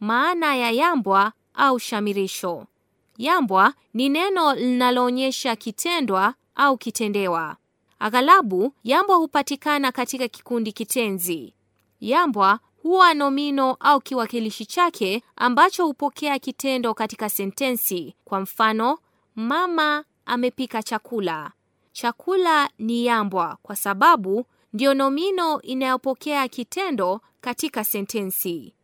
Maana ya yambwa au shamirisho. Yambwa ni neno linaloonyesha kitendwa au kitendewa. Aghalabu yambwa hupatikana katika kikundi kitenzi. Yambwa huwa nomino au kiwakilishi chake ambacho hupokea kitendo katika sentensi. Kwa mfano, mama amepika chakula. Chakula ni yambwa kwa sababu ndiyo nomino inayopokea kitendo katika sentensi.